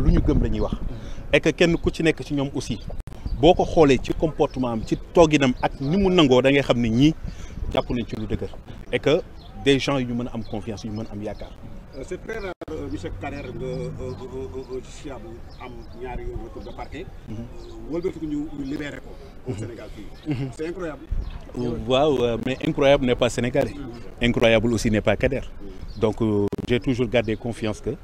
lu ñu gëm la ñuy wax et kenn ku ci nekk ci ñoom aussi boo ko xoolee ci comportement am ci tooginam ak ni mu nangoo da xam ni ñi jàpp nañ ci lu dëgër et que des gens yu ñu mën a am confiance yu ñu mën a am yaakaar. Euh, c'est très rare euh, monsieur Kader nga fiable euh, am ñaari retour de parquet. Mm-hmm. wëlbatiku ñu libéré ko. au mm-hmm. Sénégal fii. Mm-hmm. c'est incroyable. waaw mais incroyable n'est pas sénégalais. incroyable aussi n'est pas Kader. donc j'ai toujours gardé confiance que.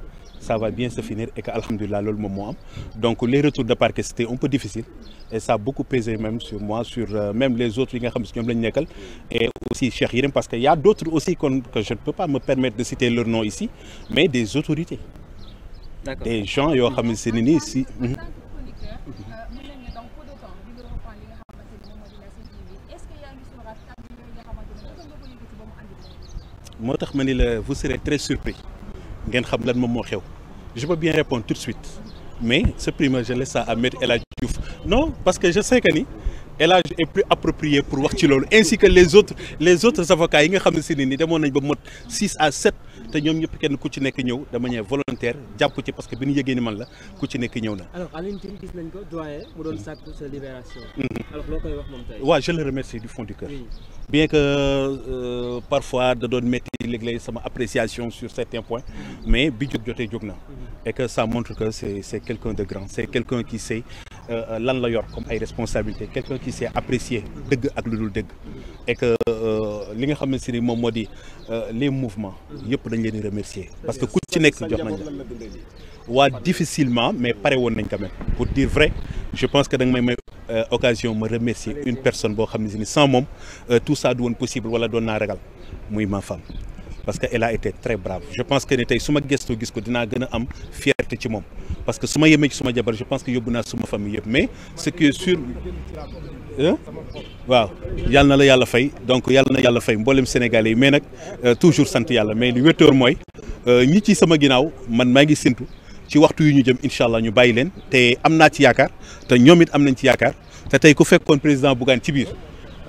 ça va bien se finir et alhamdulilah loolu moom moo am donc les retours de parquet c'était un peu difficile et ça a beaucoup pesé même sur moi sur euh, même les autres yi nga xam si ñoom lañu nekkal et aussi Cheikh Yérim parce que y a d'autres aussi kon que je ne peux pas me permettre de citer leur nom ici mais des autorités des gens yoo xam ne ne nii si mhm. euh, moo tax ma ni la vous serez très surpris ngeen xam lan moom moo xew je peux bien répondre tout de suite mais ce primaire je laisse ça à Maître El Hadj Diouf non parce que je sais que ni El Hadj est plus approprié pour wax ci loolu ainsi que les autres les autres avocats yi nga xam ne si ne ni demoon nañ ba mot six à sept te ñoom ñëpp kenn ku ci nekk ñëw de manière volontaire jàpp ci parce que bi ñu yëgee ni man la ku ci nekk ñëw na. alors Alioune Tine gis nañ ko doyen mu doon sàkk sa libération. Mhm. alors loo je le remercie du fond du cœur. bien que euh, parfois da doon métti léeg sama appréciation sur certains points mais bi jóg jotee jóg na. Mhm. et que ça montre que c'est quelqu'un de grand c'est quelqu'un Euh, lan la yor comme ay responsabilité quelqu'un qui sait apprécier dëgg ak lu dul dégg et que euh, li nga xamante ni moom moo di euh, les mouvements yëpp dañ leen di remercier parce que ku ci nekk jox nañ la waa difficilement mais pare woon nañ quand pour dire vrai je pense que da nga may may occasion ma remercier une personne boo xam ne ni sans moom tout ça du possible wala doon naa ragal muy ma femme parce que elle a été très brave je pense que ni tey su ma gëstoo gis ko dinaa gën am fierté ci moom parce que su ma yemee ci suma jabar je pense que yóbbu naa suma famille yëpp mais ce qui est waaw yàlla na la yàlla fay donc yàlla na yàlla fay mboolem Sénégalais yi mais nag euh, toujours sant yàlla mais li wétoor mooy euh, ñi ci sama ginnaaw man maa ngi séntu ci waxtu yu ñu jëm incha allah ñu bàyyi leen te am naa ci yaakaar te ñoom it am nañ ci yaakaar te tey ku fekkoon président Bougane ci biir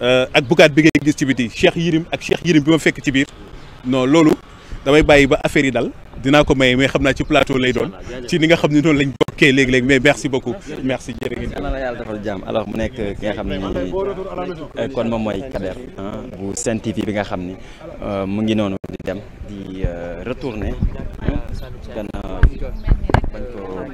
euh, ak Bougane bi ngay gis ci biti Cheikh Yirim ak Cheikh Yirim bi ma fekk ci biir. non loolu damay bàyyi ba affaire yi dal dinaa ko maye mais xam naa ci plateau lay doon ci ni nga xam ni noonu lañ bokkee léegi-léegi mais merci beaucoup merci jërë ngeen na la yàlla defal jàmm alors mu nekk ki nga xam ne euh, kon moom mooy Kader bu Sen bi nga xam ni euh, mu ngi noonu di dem di euh, retourner gannaaw bañ ko